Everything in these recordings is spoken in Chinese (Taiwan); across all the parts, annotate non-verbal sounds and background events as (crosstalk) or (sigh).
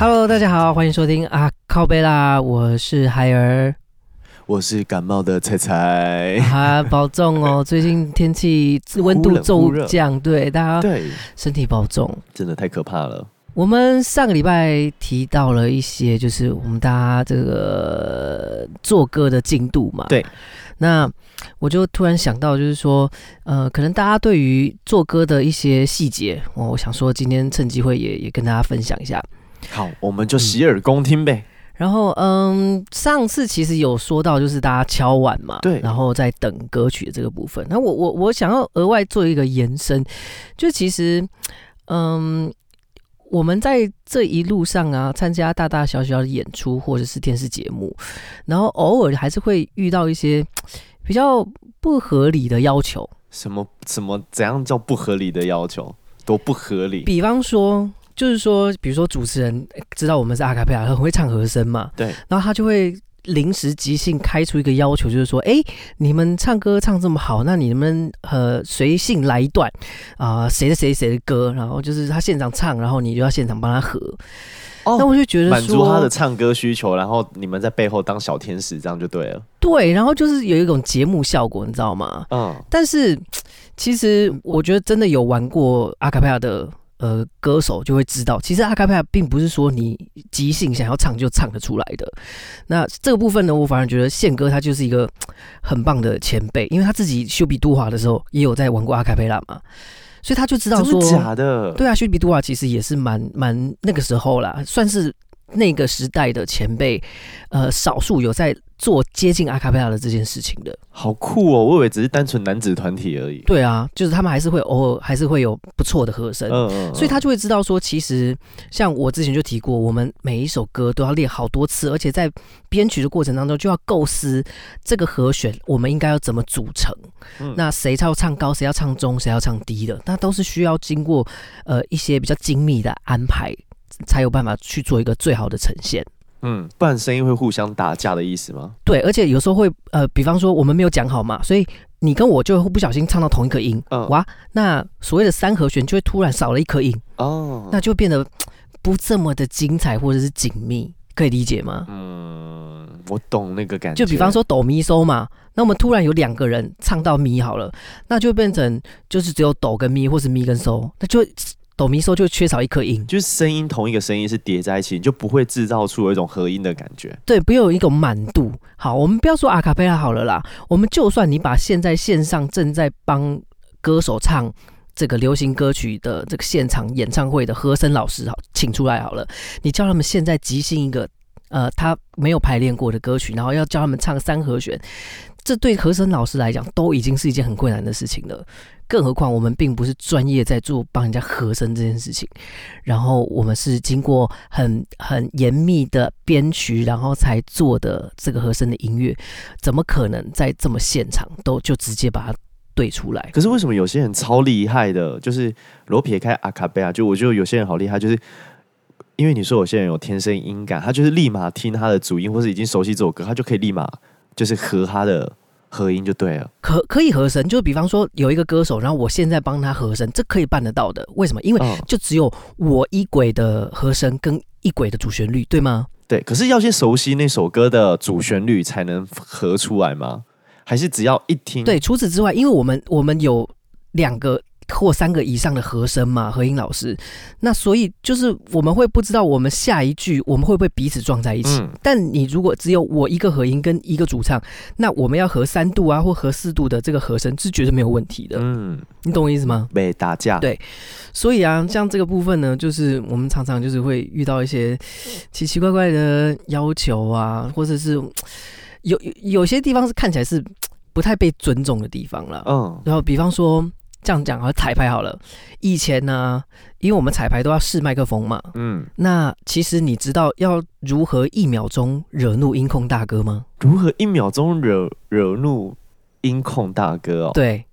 Hello，大家好，歡迎收聽啊，靠背啦，我是孩兒，我是感冒的蔡蔡。好，保重哦，最近天氣溫度驟降，忽忽對大家、哦、對身體保重，真的太可怕了。我們上個禮拜提到了一些，就是我們大家這個做歌的進度嘛，對，那我就突然想到，就是說，呃，可能大家對於做歌的一些細節，我、哦、我想說，今天趁機會也也跟大家分享一下。好，我們就洗耳恭聽唄。嗯，然後，嗯，上次其實有說到，就是大家敲碗嘛，對，然後在等歌曲的這個部分。那我我我想要額外做一個延伸，就其實，嗯，我們在這一路上啊，參加大大小小的演出或者是電視節目，然後偶爾還是會遇到一些比較不合理的要求。什麼什麼？怎樣叫不合理的要求？多不合理？比方說。就是說，比如說主持人知道我們是阿卡貝拉，很會唱和聲嘛，對。然後他就會臨時即興開出一個要求，就是說，哎、欸，你們唱歌唱這麼好，那你們呃隨性來一段啊，誰、呃、的誰誰的歌，然後就是他現場唱，然後你就要現場幫他和。哦。Oh, 那我就覺得滿足他的唱歌需求，然後你們在背後當小天使，這樣就對了。對，然後就是有一種節目效果，你知道嗎？嗯。但是其實我覺得真的有玩過阿卡貝拉的。呃，歌手就會知道，其實阿卡佩拉並不是說你即興想要唱就唱得出來的。那這個部分呢，我反而覺得憲哥他就是一個很棒的前輩，因為他自己修比杜華的時候也有在玩過阿卡佩拉嘛，所以他就知道說。真的假的？對啊，修比杜華其實也是蠻蠻那個時候啦，算是那個時代的前輩，呃，少數有在。做接近阿卡貝拉的這件事情的。好酷哦！我以為只是單純男子團體而已。對啊，就是他們還是會偶爾，還是會有不錯的和聲，嗯嗯嗯，所以他就會知道說，其實像我之前就提過，我們每一首歌都要練好多次，而且在編曲的過程當中，就要構思這個和弦我們應該要怎麼組成。嗯，那誰要唱高，誰要唱中，誰要唱低的，那都是需要經過呃一些比較精密的安排，才有辦法去做一個最好的呈現。嗯，不然聲音會互相打架的意思嗎？對，而且有時候會呃，比方說我們沒有講好嘛，所以你跟我就會不小心唱到同一顆音，嗯、哇，那所謂的三和弦就會突然少了一顆音哦，那就變得不這麼的精彩或者是緊密，可以理解嗎？嗯，我懂那個感覺。就比方說哆咪嗦嘛，那我們突然有兩個人唱到咪好了，那就變成就是只有哆跟咪，或是咪跟嗦、so,，那就。哆咪嗦就缺少一顆音，就是聲音同一個聲音是疊在一起，就不會制造出一種合音的感覺。對，不要有一個滿度。好，我們不要說阿卡貝拉好了啦，我們就算你把現在線上正在幫歌手唱這個流行歌曲的這個現場演唱會的和聲老師好，請出來好了，你叫他們現在即興一個呃他沒有排練過的歌曲，然後要叫他們唱三和弦。這對和聲老師來講都已經是一件很困難的事情了，更何況我們並不是專業在做幫人家和聲這件事情，然後我們是經過很很嚴密的編曲，然後才做的這個和聲的音樂，怎麼可能在這麼現場都就直接把它對出來？可是為什麼有些人超厲害的，就是羅撇開阿卡貝爾，就我覺得有些人好厲害，就是因為你說有些人有天生音感，他就是立馬聽他的主音，或是已經熟悉這首歌，他就可以立馬。就是和他的合音就對了，可可以和聲，就比方說有一個歌手，然後我現在幫他和聲，這可以辦得到的。為什麼？因為就只有我一軌的和聲跟一軌的主旋律，對嗎？對。可是要先熟悉那首歌的主旋律才能和出來嗎？還是只要一聽？對。除此之外，因為我們我們有兩個。或三個以上的和聲嘛，和音老師。那所以就是我們會不知道我們下一句我們會不會彼此撞在一起。嗯，但你如果只有我一個和音跟一個主唱，那我們要和三度啊或和四度的這個和聲是絕對沒有問題的。嗯，你懂我意思嗎？被打架。對，所以啊，像這個部分呢，就是我們常常就是會遇到一些奇奇怪怪的要求啊，或者是有有些地方是看起來是不太被尊重的地方了。嗯，然後比方說。這樣講啊，彩排好了。以前呢、啊，因為我們彩排都要試麥克風嘛，嗯，那其實你知道要如何一秒鐘惹怒音控大哥嗎？如何一秒鐘惹惹怒音控大哥哦？對，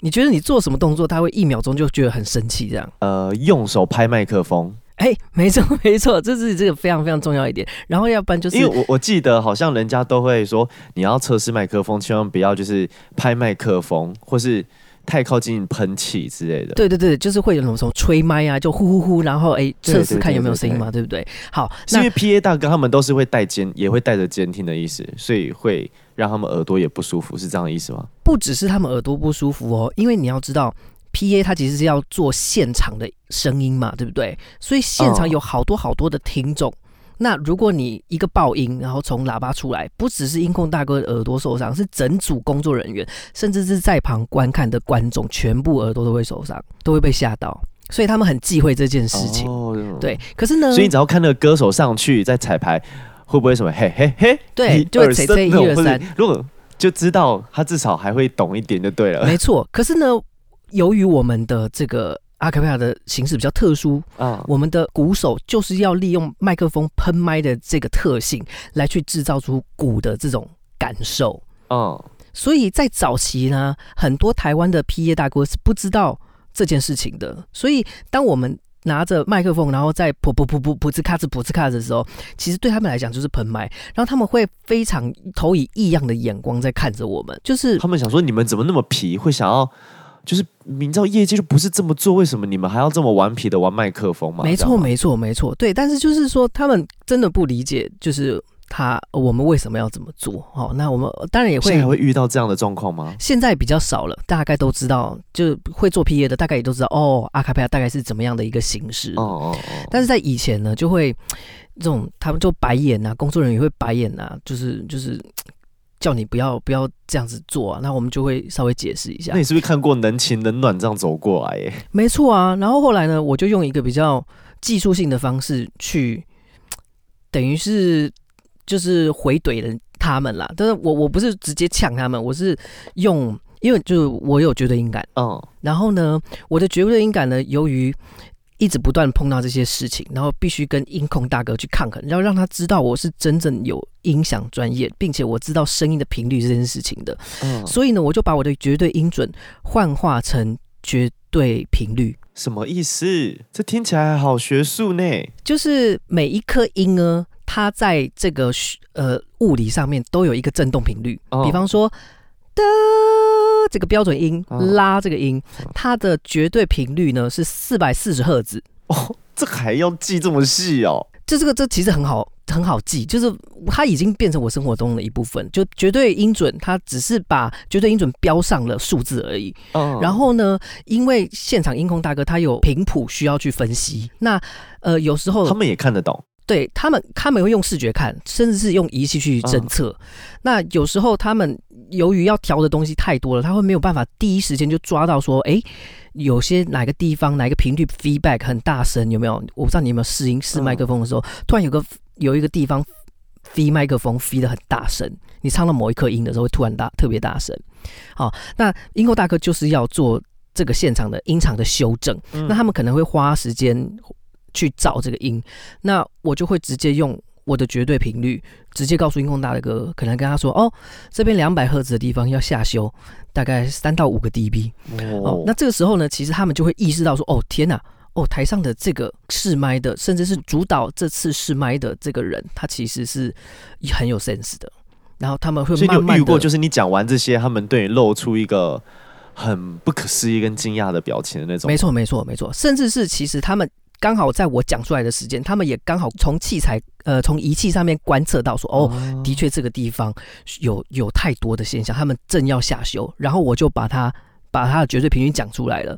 你覺得你做什麼動作他會一秒鐘就覺得很生氣？這樣？呃，用手拍麥克風。哎、欸，沒錯，沒錯，這是這個非常非常重要一點。然後，要不然就是因為我我記得好像人家都會說，你要測試麥克風，千萬不要就是拍麥克風，或是。太靠近噴氣之類的，對對對，就是會有那種什麼吹麥啊，就呼呼呼，然後哎，測試看有沒有聲音嘛，對不對？好，那因為 PA 大哥他們都是會帶監，也會帶着監聽的意思，所以會讓他們耳朵也不舒服，是這樣的意思嗎？不只是他們耳朵不舒服哦，因為你要知道 PA 他其實是要做現場的聲音嘛，對不對？所以現場有好多好多的聽眾。哦那如果你一個爆音，然後從喇叭出來，不只是音控大哥的耳朵受傷，是整組工作人員，甚至是在旁觀看的觀眾，全部耳朵都會受傷，都會被嚇到。所以他們很忌諱這件事情。哦、對，可是呢，所以你只要看那個歌手上去在彩排，會不會什麼嘿嘿嘿對，一二就會一二三。如果就知道他至少還會懂一點就對了。 (laughs) 沒錯。可是呢，由於我們的這個。阿卡貝拉的形式比較特殊啊，我們的鼓手就是要利用麥克風噴麥的這個特性來去制造出鼓的這種感受啊，所以在早期呢，很多台灣的 P.A. 大哥是不知道這件事情的。所以當我們拿着麥克風，然後在噗噗噗噗噗呲咔哧噗呲咔的時候，其實對他們來講就是噴麥，然後他們會非常投以異樣的眼光在看着我們，就是他們想說你們怎麼那麼皮，會想要。就是明知道業界就不是這麼做，為什麼你們還要這麼頑皮的玩麥克風嗎？沒錯錯，沒錯，沒錯。對，但是就是說，他們真的不理解，就是他我們為什麼要這麼做。哦，那我們當然也會現在還會遇到這樣的狀況嗎？現在比較少了，大概都知道，就會做 PA 的大概也都知道哦。阿卡佩亞大概是怎麼樣的一個形式？哦，哦哦。但是在以前呢，就會這種他們就白眼啊，工作人員也會白眼啊，就是就是。叫你不要不要這樣子做啊，那我們就會稍微解釋一下。那你是不是看過人情冷暖這樣走過來耶？沒錯啊。然後後來呢，我就用一個比較技術性的方式去，等於是就是回懟了他們啦。但是我我不是直接嗆他們，我是用，因為就是我有絕對音感，嗯。然後呢，我的絕對音感呢，由於一直不斷碰到這些事情，然後必須跟音控大哥去抗衡，要讓他知道我是真正有音響專業，並且我知道聲音的頻率這件事情的。嗯，所以呢，我就把我的絕對音準幻化成絕對頻率。什麼意思？這聽起來好學術呢。就是每一顆音呢，它在這個呃物理上面都有一個振動頻率。嗯，比方說。的這個標準音拉這個音，它的絕對頻率呢是四百四十赫茲哦，這還要記這麼細哦？這這個這其實很好，很好記，就是它已經變成我生活中的一部分，就絕對音準，它只是把絕對音準標上了數字而已。嗯，然後呢，因為現場音控大哥他有頻譜需要去分析，那呃有時候他們也看得到，對他們，他們會用視覺看，甚至是用儀器去偵測。嗯，那有時候他們。由於要調的東西太多了，他會沒有辦法第一時間就抓到說，誒，有些哪個地方哪個頻率 feedback 很大聲，有沒有？我不知道你有沒有試音試麥克風的時候，嗯、突然有個有一個地方 feedback 麥克風 feedback 很大聲，你唱到某一顆音的時候會突然大特別大聲。好，那音控大哥就是要做這個現場的音場的修正，嗯、那他們可能會花時間去找這個音，那我就會直接用。我的絕對頻率直接告訴音控大哥，可能跟他說：“哦，這邊兩百赫茲的地方要下修大概三到五個 dB。”哦，那這個時候呢，其實他們就會意識到說：“哦，天吶、啊！哦，台上的這個試麥的，甚至是主導這次試麥的這個人，嗯、他其實是很有 sense 的。”然後他們會慢慢所以你有遇過，就是你講完這些，他們對你露出一個很不可思議跟驚訝的表情的那種嗎？沒錯，沒錯，沒錯，甚至是其實他們。剛好在我講出來的時間，他們也剛好從器材呃從儀器上面觀測到說哦，的確這個地方有有太多的現象，他們正要下修，然後我就把他把他的絕對平均講出來了，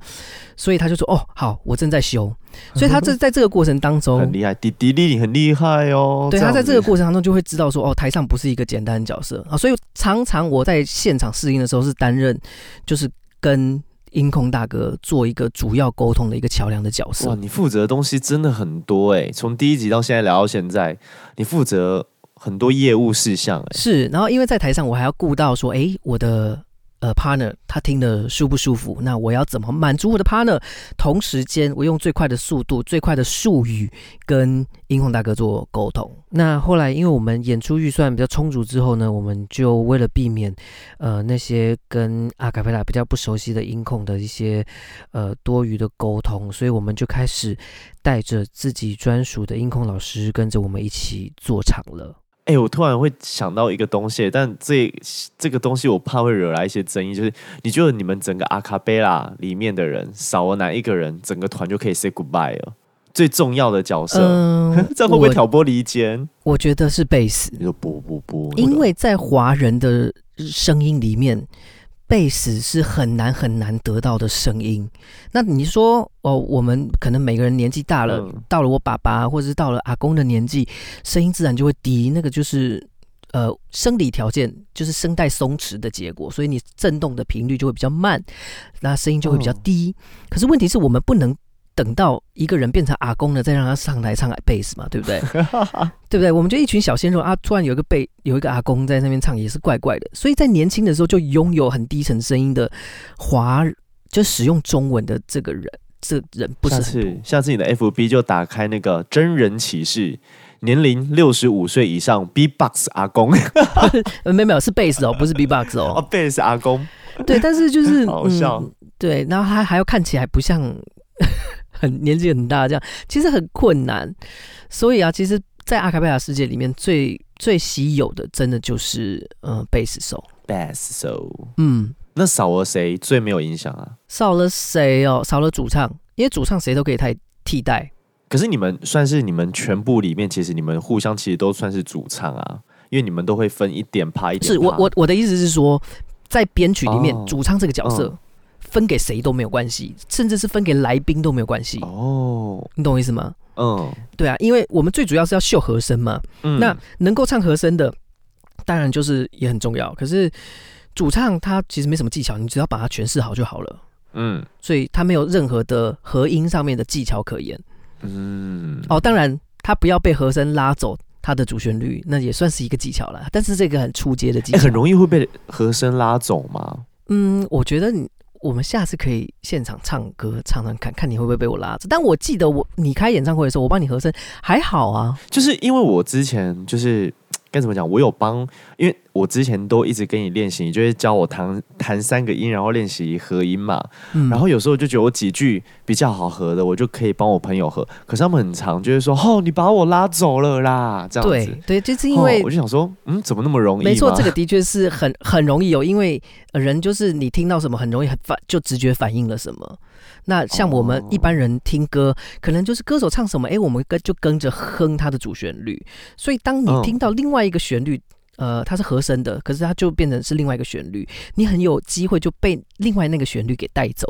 所以他就說哦好，我正在修，所以他這在這個過程當中很厲害。嗯哼，弟弟你很厲害哦，對他在這個過程當中就會知道說哦，台上不是一個簡單的角色啊。哦，所以常常我在現場試音的時候是擔任就是跟。音控大哥做一個主要溝通的一個橋樑的角色。哇，你負責的東西真的很多誒、欸。從第一集到現在聊到現在，你負責很多業務事項誒、欸。是，然後因為在台上，我還要顧到說，誒、欸，我的。呃，partner，他聽得舒不舒服？那我要怎麼滿足我的 partner？同時間，我用最快的速度、最快的術語跟音控大哥做溝通。那後來，因為我們演出預算比較充足之後呢，我們就為了避免呃那些跟阿卡貝拉比較不熟悉的音控的一些呃多餘的溝通，所以我們就開始帶着自己專屬的音控老師跟着我們一起做場了。哎、欸，我突然會想到一個東西，但這這個東西我怕會惹來一些爭議。就是你覺得你們整個阿卡貝拉裡面的人，少了哪一個人，整個團就可以 say goodbye 了？最重要的角色，呃、 (laughs) 這樣會不會挑撥離間？我，我覺得是貝斯。你說不，不不不，因為在華人的聲音裡面。貝斯是很難很難得到的聲音，那你說哦，我們可能每個人年紀大了，嗯、到了我爸爸或者是到了阿公的年紀，聲音自然就會低，那個就是呃生理條件，就是聲帶鬆弛的結果，所以你震動的頻率就會比較慢，那聲音就會比較低。嗯、可是問題是我們不能。等到一個人變成阿公了，再讓他上台來唱來 bass 嘛，對不對？ (laughs) 對不對？我們就一群小鮮肉啊，突然有一個貝，有一個阿公在那邊唱，也是怪怪的。所以在年輕的時候就擁有很低沉聲音的話，就使用中文的這個人，這個、人不，是不。下次，下次你的 FB 就打開那個真人啟事，年齡六十五歲以上，B box 阿公， (laughs) (laughs) 沒，沒有沒有是 bass 哦，不是 B box 哦，啊，bass、 (laughs) 哦、阿公，對，但是就是、嗯、 (laughs) 好笑 (laughs) 對，然後他還要看起來不像。 (laughs) 很年紀很大，這樣其實很困難。所以啊，其實，在阿卡貝拉世界裡面最，最最稀有的，真的就是嗯，貝斯手，貝斯手，嗯，那少了誰最沒有影響啊？少了誰哦？少了主唱，因為主唱誰都可以太替代。可是你們算是你們全部裡面，其實你們互相其實都算是主唱啊，因為你們都會分一點拍一點。是我我我的意思是說，在編曲裡面，主唱這個角色。哦嗯分給誰都沒有關係，甚至是分給來賓都沒有關係。哦，你懂我意思嗎？嗯，對啊，因為我們最主要是要秀和聲嘛。嗯，那能夠唱和聲的，當然就是也很重要。可是主唱他其實沒什麼技巧，你只要把它詮釋好就好了。嗯，所以他沒有任何的和音上面的技巧可言。嗯，哦，當然他不要被和聲拉走他的主旋律，那也算是一個技巧了。但是這個很初階的技巧。欸，很容易會被和聲拉走嗎？嗯，我覺得你。我們下次可以現場唱歌，唱唱看看，看你會不會被我拉着？但我記得我你開演唱會的時候，我幫你和聲，還好啊。就是因為我之前就是。該怎麼講？我有幫，因為我之前都一直跟你練習，你就會教我彈彈三個音，然後練習合音嘛。然後有時候就覺得我幾句比較好合的，我就可以幫我朋友合。可是他們很常就會說：“哦，你把我拉走了啦。”這樣子。對，對，就是因為、哦、我就想說，嗯，怎麼那麼容易？沒錯，這個的確是很很容易有、哦，因為人就是你聽到什麼很容易反，就直覺反應了什麼。那像我們一般人聽歌，oh. 可能就是歌手唱什麼，哎、欸，我們跟就跟着哼他的主旋律。所以當你聽到另外一個旋律，oh. 呃，它是和聲的，可是它就變成是另外一個旋律，你很有機會就被另外那個旋律給帶走，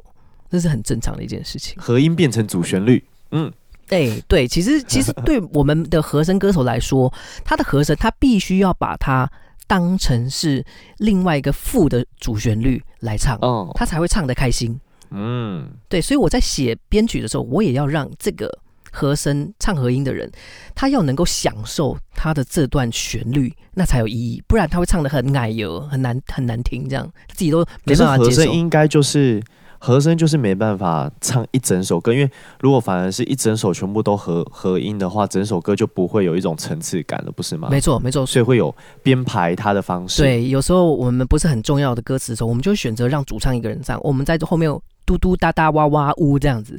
這是很正常的一件事情。和音變成主旋律，嗯，哎、嗯欸，對，其實其實對我們的和聲歌手來說， (laughs) 他的和聲他必須要把它當成是另外一個副的主旋律來唱，哦，oh. 他才會唱得開心。嗯，對，所以我在寫編曲的時候，我也要讓這個和聲唱和音的人，他要能夠享受他的這段旋律，那才有意義，不然他會唱得很奶油，很難很難聽，這樣自己都沒辦法接受。和聲應該就是和聲就是沒辦法唱一整首歌，因為如果反而是一整首全部都合合音的話，整首歌就不會有一種層次感了，不是嗎？沒錯，沒錯，所以會有編排他的方式。對，有時候我們不是很重要的歌詞的時候，我們就選擇讓主唱一個人唱，我們在後面。嘟嘟噠噠哇哇嗚，這樣子，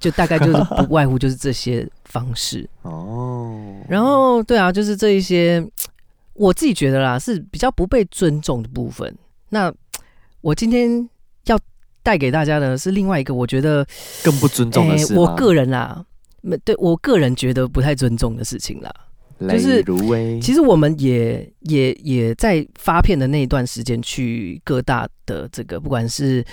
就大概就是不外乎就是這些方式哦。 (laughs) 然後，對啊，就是這一些，我自己覺得啦，是比較不被尊重的部分。那我今天要帶給大家的是另外一個我覺得更不尊重的事，欸。我個人啦，對我個人覺得不太尊重的事情啦。就是，其實我們也也也在發片的那段時間，去各大的這個，不管是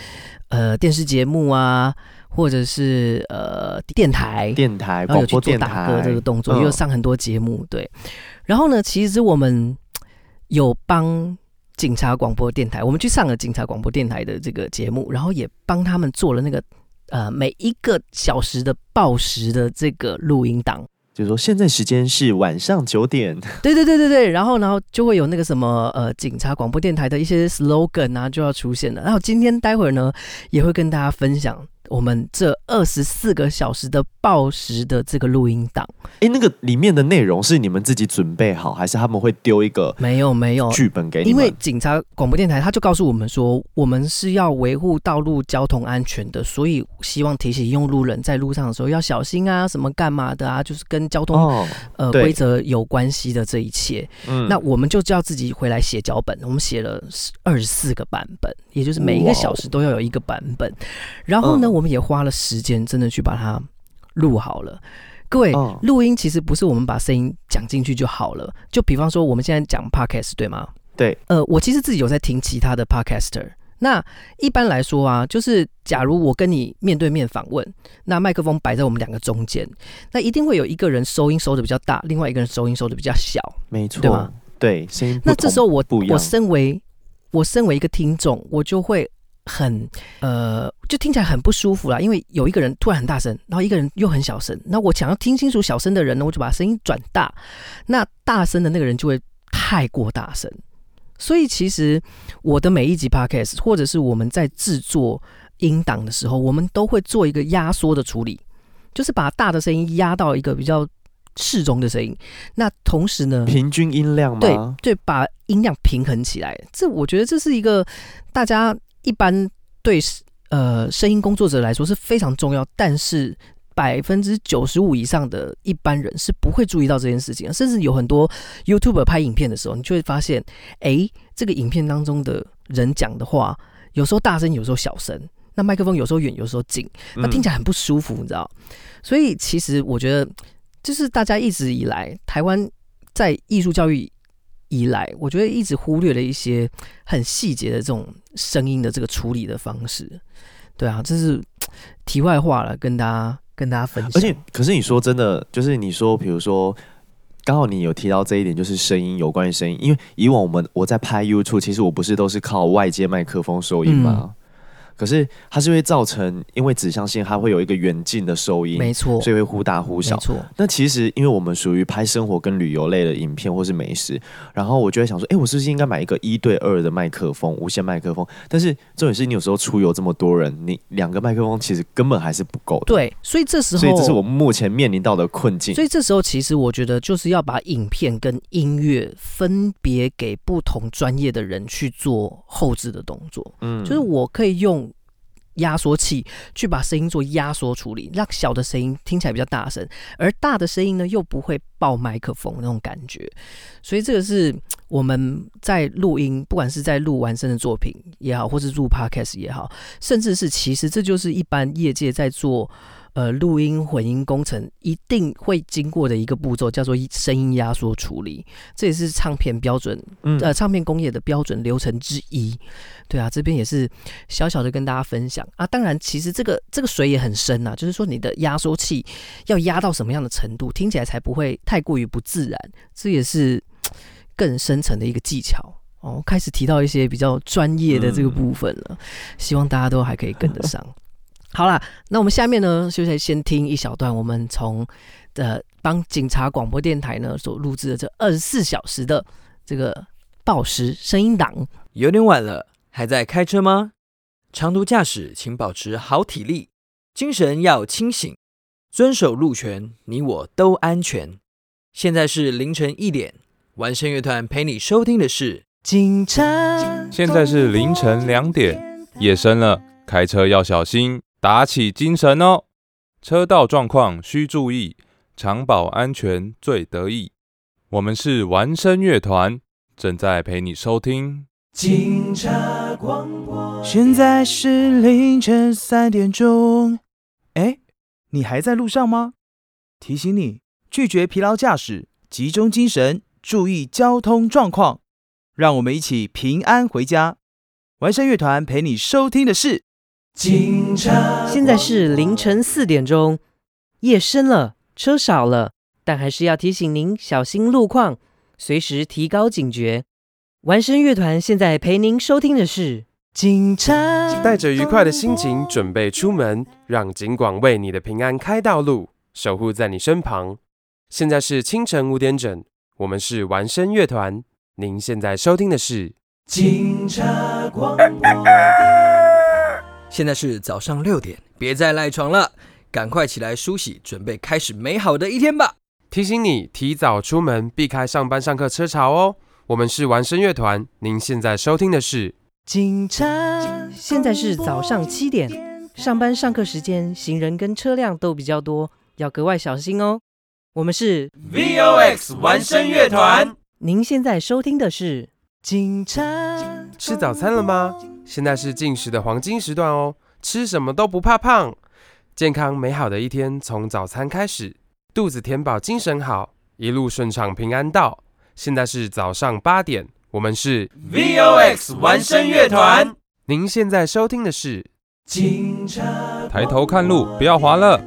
呃電視節目啊，或者是呃電台、電台，廣播電台然後，去做打歌這個動作，嗯、又上很多節目。對，然後呢，其實我們有幫警察廣播電台，我們去上了警察廣播電台的這個節目，然後也幫他們做了那個呃每一個小時的報時的這個錄音檔。就是說，現在時間是晚上九點，對對對對對，然後然後就會有那個什麼呃，警察廣播電台的一些 slogan 啊，就要出現了。然後今天待會兒呢，也會跟大家分享。我們這二十四個小時的報時的這個錄音檔，哎，那個裡面的內容是你們自己準備好，還是他們會丟一個沒有沒有劇本給你們？沒有，因為警察廣播電台他就告訴我們說，我們是要維護道路交通安全的，所以希望提醒用路人在路上的時候要小心啊，什麼幹嘛的啊，就是跟交通、哦、呃規則有關係的這一切。嗯，那我們就叫自己回來寫腳本，我們寫了二十四個版本，也就是每一個小時都要有一個版本。哇然後呢，我、嗯。我們也花了時間，真的去把它錄好了。各位，哦、錄音其實不是我們把聲音講進去就好了。就比方說，我們現在講 Podcast，對嗎？對。呃，我其實自己有在聽其他的 Podcaster。那一般來說啊，就是假如我跟你面對面訪問，那麥克風擺在我們兩個中間，那一定會有一個人收音收的比較大，另外一個人收音收的比較小。沒錯，對嗎？對。聲音不同不一樣。那這時候我我身為我身為一個聽眾，我就會。很呃，就聽起來很不舒服啦。因為有一個人突然很大聲，然後一個人又很小聲。那我想要聽清楚小聲的人呢，我就把聲音轉大。那大聲的那個人就會太過大聲。所以其實我的每一集 podcast，或者是我們在製作音檔的時候，我們都會做一個壓縮的處理，就是把大的聲音壓到一個比較適中的聲音。那同時呢，平均音量嘛，對對，把音量平衡起來。這我覺得這是一個大家。一般對呃聲音工作者來說是非常重要，但是百分之九十五以上的一般人是不會注意到這件事情。甚至有很多 YouTuber 拍影片的時候，你就會發現，誒，這個影片當中的人講的話，有時候大聲，有時候小聲，那麥克風有時候遠，有時候近，那聽起來很不舒服，嗯、你知道？所以其實我覺得，就是大家一直以來台灣在藝術教育。依賴，我覺得一直忽略了一些很細節的這種聲音的這個處理的方式。對啊，這是題外話了，跟大家跟大家分享。而且，可是你說真的，就是你說，比如說，剛好你有提到這一點，就是聲音有關於聲音，因為以往我們我在拍 YouTube，其實我不是都是靠外接麥克風收音嗎？嗯可是它是會造成，因為指向性，它會有一個遠近的收音，沒錯，所以會忽大忽小。嗯、那其實因為我們屬於拍生活跟旅遊類的影片或是美食，然後我就會想說，哎、欸，我是不是應該買一個一對二的麥克風，無線麥克風？但是重點是你有時候出遊這麼多人，你兩個麥克風其實根本還是不夠的。對，所以這時候，所以這是我們目前面臨到的困境。所以這時候其實我覺得就是要把影片跟音樂分別給不同專業的人去做後製的動作。嗯，就是我可以用。壓縮器去把聲音做壓縮處理，讓小的聲音聽起來比較大聲，而大的聲音呢又不會爆麥克風那種感覺。所以這個是我們在錄音，不管是在錄玩聲的作品也好，或是錄 podcast 也好，甚至是其實這就是一般業界在做。呃，錄音混音工程一定會經過的一個步驟叫做聲音壓縮處理，這也是唱片標準，嗯、呃，唱片工業的標準流程之一。對啊，這邊也是小小的跟大家分享啊。當然，其實這個這個水也很深吶、啊，就是說你的壓縮器要壓到什麼樣的程度，聽起來才不會太過於不自然，這也是更深層的一個技巧。哦，開始提到一些比較專業的這個部分了，嗯、希望大家都還可以跟得上。呵呵好啦，那我們下面呢，就先先聽一小段我們從呃幫警察廣播電台呢所錄制的這二十四小時的這個報時聲音檔。有點晚了，還在開車嗎？長途駕駛請保持好體力，精神要清醒，遵守路權，你我都安全。現在是凌晨一點，玩聲樂團陪你收聽的是警察。警現在是凌晨兩點，夜深了，開車要小心。打起精神哦！車道狀況需注意，長保安全最得意。我們是玩聲樂團，正在陪你收聽。警察廣播，現在是凌晨三點鐘。哎，你還在路上嗎？提醒你，拒絕疲勞駕駛，集中精神，注意交通狀況，讓我們一起平安回家。玩聲樂團陪你收聽的是。警察廣播，現在是凌晨四點鐘，夜深了，車少了，但還是要提醒您小心路況，隨時提高警覺。玩聲樂團現在陪您收聽的是《警察廣播》，帶着愉快的心情準備出門，讓警廣為你的平安開道路，守護在你身旁。現在是清晨五點整，我們是玩聲樂團，您現在收聽的是《警察廣播》哎。哎哎現在是早上六點，別再賴床了，趕快起來梳洗，準備開始美好的一天吧。提醒你提早出門，避開上班上課車潮哦。我們是玩聲樂團，您現在收聽的是警察。現在是早上七點，上班上課時間，行人跟車輛都比較多，要格外小心哦。我們是 VOX 玩聲樂團，您現在收聽的是警察。警察吃早餐了嗎？現在是進食的黃金時段哦，吃什麼都不怕胖。健康美好的一天從早餐開始，肚子填飽，精神好，一路順暢平安到。現在是早上八點，我們是 V O X 玩聲樂團。您現在收聽的是《警察》。抬頭看路，不要滑了。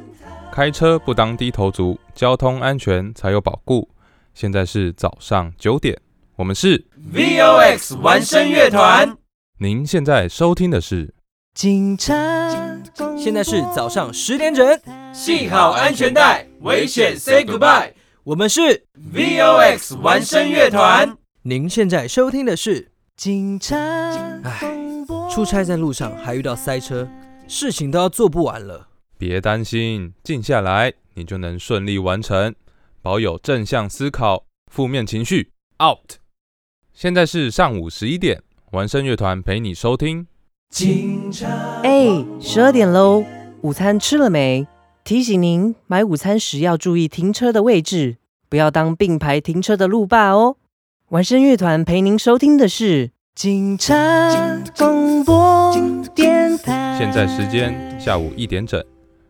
開車不當低頭族，交通安全才有保固。現在是早上九點，我們是 V O X 玩聲樂團。您現在收聽的是警廣，現在是早上十點整。繫好安全帶，危險 Say goodbye。我們是 Vox 玩聲樂團。您現在收聽的是警廣。唉，出差在路上還遇到塞車，事情都要做不完了。別擔心，靜下來，你就能順利完成。保有正向思考，負面情緒 out。現在是上午十一點。玩聲樂團陪你收聽。哎、欸，十二點嘍，午餐吃了沒？提醒您買午餐時要注意停車的位置，不要當並排停車的路霸哦。玩聲樂團陪您收聽的是警察廣播電台。現在時間下午一點整，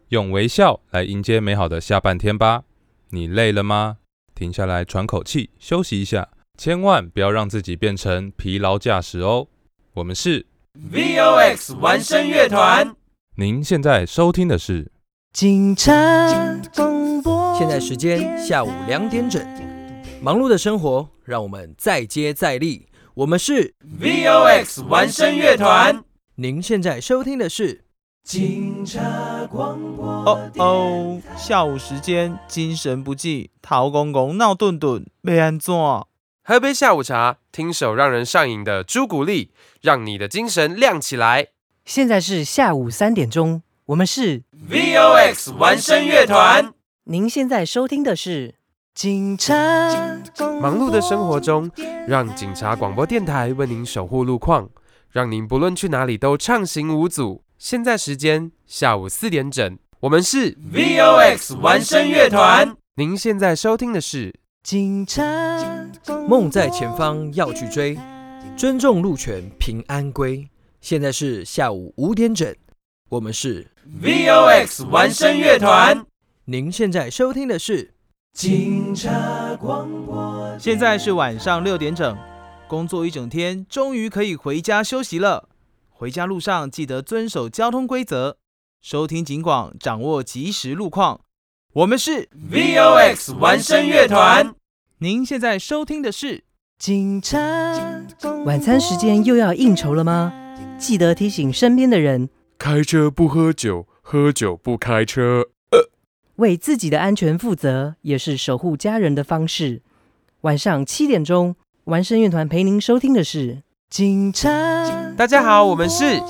用微笑來迎接美好的下半天吧。你累了嗎？停下來喘口氣，休息一下。千萬不要讓自己變成疲勞駕駛哦！我們是 V O X 玩聲樂團。您現在收聽的是《警察廣播電台》。現在時間下午兩點整。忙碌的生活，讓我們再接再厲。我們是 V O X 玩聲樂團。您現在收聽的是《警察廣播電台》哦。哦哦，下午時間精神不濟，陶公公鬧，鬧頓頓，沒安怎？喝杯下午茶，聽首讓人上癮的朱古力，讓你的精神亮起來。現在是下午三點鐘，我們是 Vox 玩聲樂團。您現在收聽的是警廣。忙碌的生活中，讓警察廣播電台為您守護路況，讓您不論去哪裡都暢行無阻。現在時間下午四點整，我們是 Vox 玩聲樂團。您現在收聽的是。警察廣播，夢在前方要去追，尊重路權，平安歸。現在是下午五點整，我們是 VOX 玩聲樂團。您現在收聽的是警察廣播。現在是晚上六點整，工作一整天，終於可以回家休息了。回家路上記得遵守交通規則，收聽警廣，掌握即時路況。我們是 VOX 玩聲樂團，您現在收聽的是《警廣》。晚餐時間又要應酬了嗎？記得提醒身邊的人：開車不喝酒，喝酒不開車。呃，為自己的安全負責，也是守護家人的方式。晚上七點鐘，玩聲樂團陪您收聽的是《警廣》警廣。大家好，我們是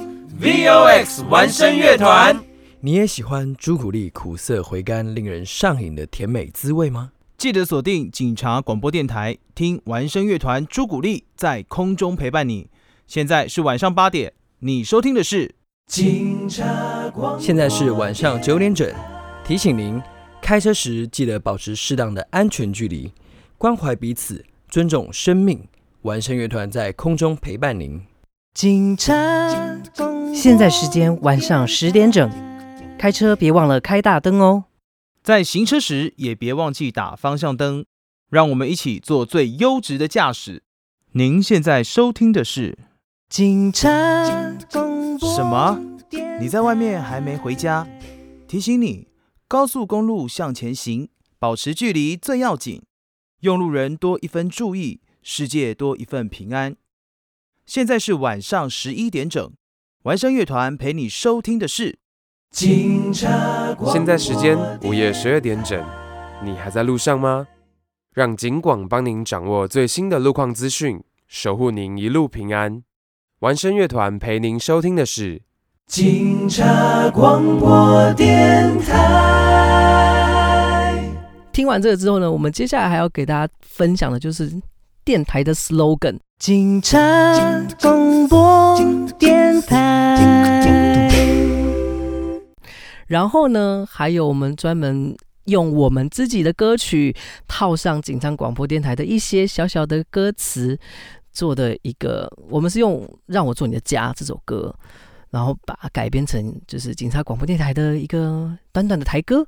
VOX 玩聲樂團。你也喜歡朱古力苦澀回甘、令人上癮的甜美滋味嗎？記得鎖定警察廣播電台，聽玩聲樂團朱古力在空中陪伴你。現在是晚上八點，你收聽的是警察廣播電台。現在是晚上九點整，提醒您開車時記得保持適當的安全距離，關懷彼此，尊重生命。玩聲樂團在空中陪伴您。警察廣播電台。現在時間晚上十點整。開車別忘了開大燈哦，在行車時也別忘記打方向燈。讓我們一起做最優質的駕駛。您現在收聽的是《警廣》。什麼？你在外面還沒回家？提醒你，高速公路向前行，保持距離最要緊。用路人多一分注意，世界多一份平安。現在是晚上十一點整。玩聲樂團陪你收聽的是。警察現在時間午夜十二點整，你還在路上嗎？讓警廣幫您掌握最新的路況資訊，守護您一路平安。玩聲樂團陪您收聽的是警察廣播電臺。聽完這個之後呢，我們接下來還要給大家分享的就是電台的 slogan：警察廣播電臺。然後呢，還有我們專門用我們自己的歌曲套上警察廣播電台的一些小小的歌詞做的一個，我們是用《讓我做你的家》這首歌，然後把它改編成就是警察廣播電台的一個短短的台歌。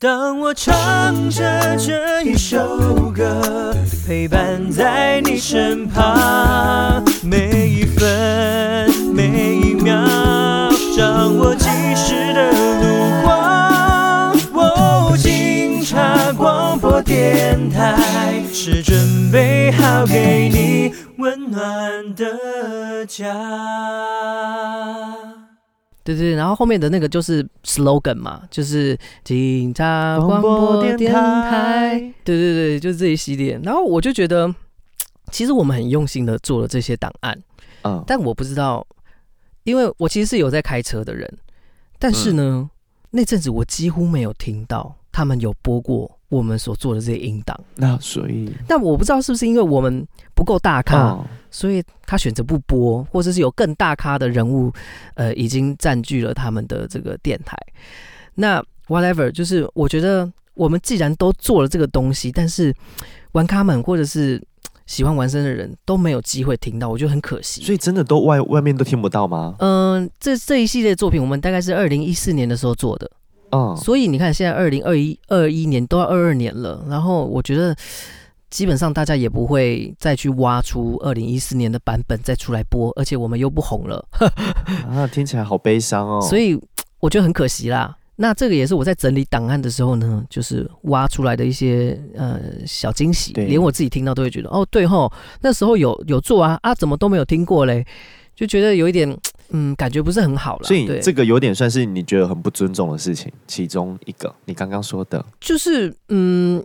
當我唱着這一首歌，陪伴在你身旁，每一分每一秒。讓我及時的路光，哦，警察廣播電台，是準備好給你溫暖的家。對對，然後後面的那個就是 slogan 嘛，就是警察廣播電台。對對對，就是這一系列，然後我就覺得，其實我們很用心的做了這些檔案啊，嗯、但我不知道。因為我其實是有在開車的人，但是呢，嗯、那陣子我幾乎沒有聽到他們有播過我們所做的這些音檔。那所以，但我不知道是不是因為我們不夠大咖，哦、所以他選擇不播，或者是有更大咖的人物，呃，已經佔據了他們的這個電台。那 whatever，就是我覺得我們既然都做了這個東西，但是玩咖們或者是，喜歡玩聲的人都沒有機會聽到，我覺得很可惜。所以真的都外外面都聽不到嗎？嗯，這這一系列作品我們大概是二零一四年的時候做的啊，嗯，所以你看現在二零二一二一年都要二二年了，然後我覺得基本上大家也不會再去挖出二零一四年的版本再出來播，而且我們又不紅了。 (laughs) 啊，聽起來好悲傷哦。所以我覺得很可惜啦。那這個也是我在整理檔案的時候呢，就是挖出來的一些呃，小驚喜，對連我自己聽到都會覺得哦，對吼，那時候有有做啊啊，怎麼都沒有聽過嘞？就覺得有一點嗯，感覺不是很好了。所以對這個有點算是你覺得很不尊重的事情，其中一個你剛剛說的，就是嗯。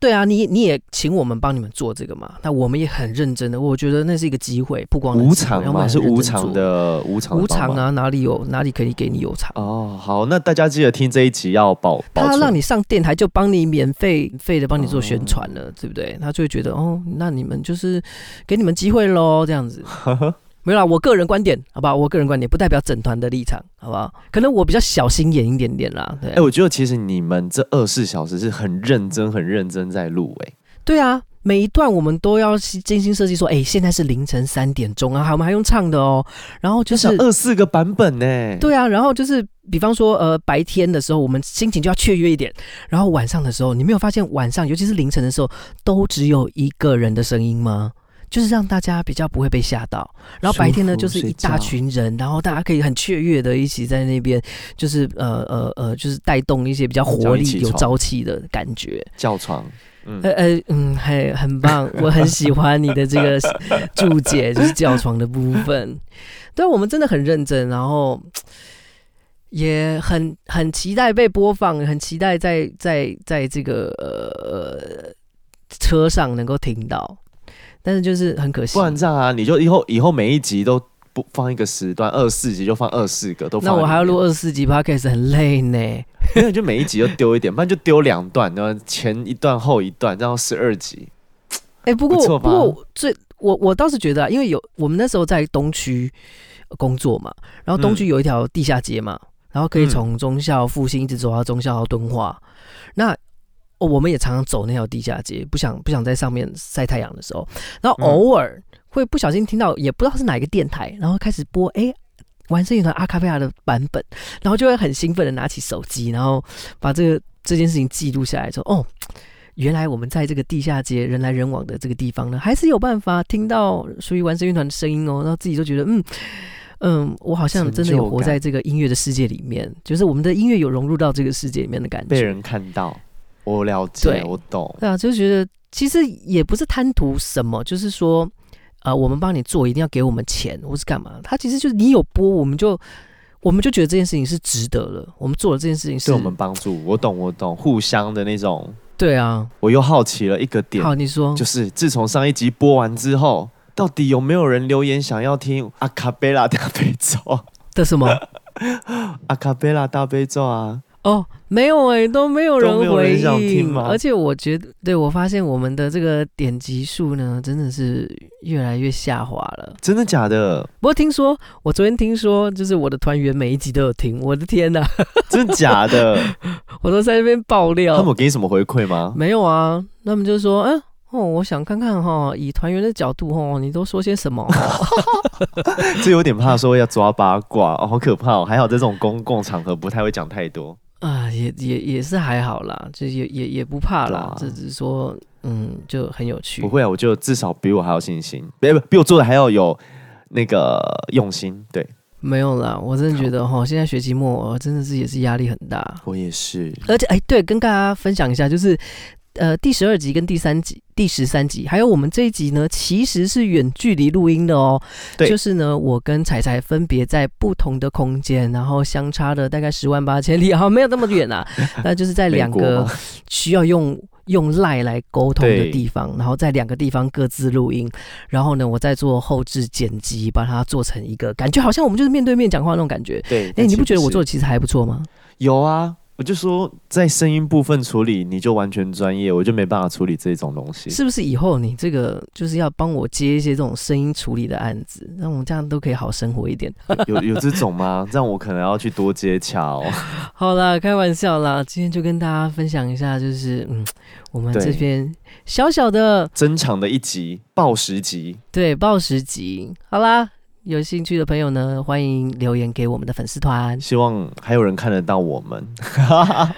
對啊，你你也請我們幫你們做這個嘛？那我們也很認真的，我覺得那是一個機會，不光要是無償，我還是無償的無償的，無償啊！哪裡有哪裡可以給你有償？哦，好，那大家記得聽這一集要報報。他讓你上電台，就幫你免費費的幫你做宣傳了，對、嗯、不對？他就會覺得哦，那你們就是給你們機會嘍，這樣子。 (laughs) 沒有啦，我個人觀點，好不好？我個人觀點不代表整團的立場，好不好？可能我比較小心眼一點點啦。哎、欸，我覺得其實你們這二十四小時是很認真、很認真在錄，哎。對啊，每一段我們都要精心設計，說，哎，現在是凌晨三點鐘啊，我們還用唱的哦。然後就是二十四個版本呢、欸。對啊，然後就是比方說，呃，白天的時候我們心情就要雀躍一點，然後晚上的時候，你沒有發現晚上，尤其是凌晨的時候，都只有一個人的聲音嗎？就是讓大家比較不會被嚇到，然後白天呢，就是一大群人，服然後大家可以很雀躍覺的一起在那邊，就是呃呃呃，就是帶動一些比較活力、有朝氣的感覺叫。叫床，嗯、欸欸、嗯，很很棒， (laughs) 我很喜歡你的這個注解， (laughs) 就是叫床的部分。對，我們真的很認真，然後也很很期待被播放，很期待在在在這個呃車上能夠聽到。但是就是很可惜。不然這樣啊，你就以後以後每一集都不放一個時段，二四集就放二四個都。那我還要錄二四集 Podcast 很累呢。沒有，就每一集就丟一點，不然就丟兩段，然後 (laughs) 前一段後一段，然後十二集。哎、欸，不過不,不過最我我倒是覺得，啊，因為有我們那時候在東區工作嘛，然後東區有一條地下街嘛，嗯、然後可以從忠孝復興一直走到忠孝到敦化，嗯、那。哦，我們也常常走那條地下街，不想不想在上面曬太陽的時候，然後偶爾會不小心聽到，也不知道是哪一個電台，嗯、然後開始播，哎、欸，玩聲樂團阿卡貝拉的版本，然後就會很興奮的拿起手機，然後把這個這件事情記錄下來，說，哦，原來我們在這個地下街人來人往的這個地方呢，還是有辦法聽到屬於玩聲樂團的聲音哦，然後自己就覺得，嗯嗯，我好像真的有活在這個音樂的世界裡面，就，就是我們的音樂有融入到這個世界裡面的感覺，被人看到。我了解，對我懂。對啊，就覺得其實也不是貪圖什麼，就是說，呃，我們幫你做，一定要給我們錢，或是幹嘛？他其實就是你有播，我們就我們就覺得這件事情是值得的。我們做了這件事情是，對我們幫助。我懂，我懂，互相的那種。對啊，我又好奇了一個點。好，你說，就是自從上一集播完之後，到底有沒有人留言想要聽阿卡貝拉大悲咒的什麼？ (laughs) 阿卡貝拉大悲咒啊？哦，沒有哎、欸，都沒有人回應，沒想聽，而且我覺得，對我發現我們的這個點擊數呢，真的是越來越下滑了。真的假的？不過聽說，我昨天聽說，就是我的團員每一集都有聽，我的天哪、啊！真的假的？ (laughs) 我都在那邊爆料。他們給你什麼回饋嗎？沒有啊，那麼就說，嗯、欸，哦，我想看看哈，以團員的角度哈，你都說些什麼？ (laughs) 這有點怕說要抓八卦哦。好可怕哦！還好在這種公共場合不太會講太多。啊，也也也是還好啦，就也也也不怕啦，啊、只是說，嗯，就很有趣。不會啊，我覺得至少比我還要有信心，別不，比我做的還要有那個用心。對，沒有啦，我真的覺得哈，好現在學期末真的是也是壓力很大。我也是，而且哎，對，跟大家分享一下，就是。呃，第十二集跟第三集、第十三集，還有我們這一集呢，其實是遠距離錄音的哦。對，就是呢，我跟彩彩分別在不同的空間，然後相差的大概十萬八千里 (laughs) 啊，沒有那麼遠啊， (laughs) 那就是在兩個需要用用 Line 來溝通的地方，對然後在兩個地方各自錄音，然後呢，我再做後製剪輯，把它做成一個感覺好像我們就是面對面講話那種感覺。對，哎、欸，你不覺得我做的其實還不錯嗎？有啊。我就說，在聲音部分處理，你就完全專業，我就沒辦法處理這種東西。是不是以後你這個就是要幫我接一些這種聲音處理的案子，讓我們這樣都可以好生活一點？有有這種嗎？ (laughs) 這樣我可能要去多接洽。 (laughs) 好啦，開玩笑啦，今天就跟大家分享一下，就是嗯，我們這邊小小的珍藏，的一集，報時集，對，報時集，好啦。有興趣的朋友呢，歡迎留言給我們的粉絲團。希望還有人看得到我們， (laughs) 啦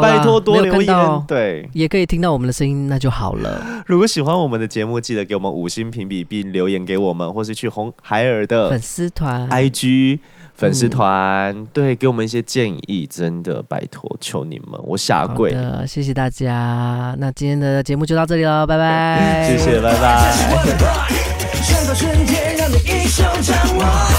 拜托多留言，對，也可以聽到我們的聲音，那就好了。如果喜歡我們的節目，記得給我們五星評比，並留言給我們，或是去紅孩兒的 IG, 粉絲團 I G 粉絲團，對，給我們一些建議，真的拜托，求你們，我下跪。謝謝大家，那今天的節目就到這裡了，拜拜，嗯嗯、謝謝，嗯、拜拜。 (laughs) 一手掌握。